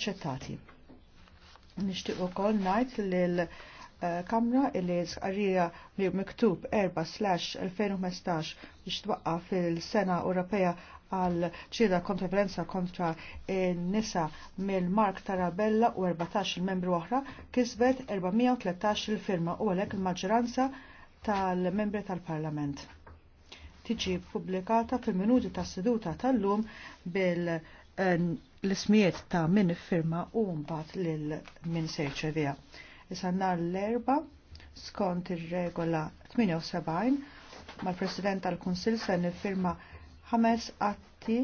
aċċettati. u ukoll ngħid l eh, kamra il sqarrija li miktub 4-2015 biex twaqqa fil-sena Ewropea għal ċida kontra violenza kontra nisa mill-Mark Tarabella u 14 membru oħra kisbet 413 il-firma u għalhekk il-maġġoranza tal-membri tal-Parlament. Tiġi publikata fil-minuti tas seduta tal-lum bil- Ehm, l-ismijiet ta' min firma u mbagħad lil min se jirċevija. Issa nhar l-erba skont ir-regola 78 mal-President tal-Kunsill se nifirma ħames atti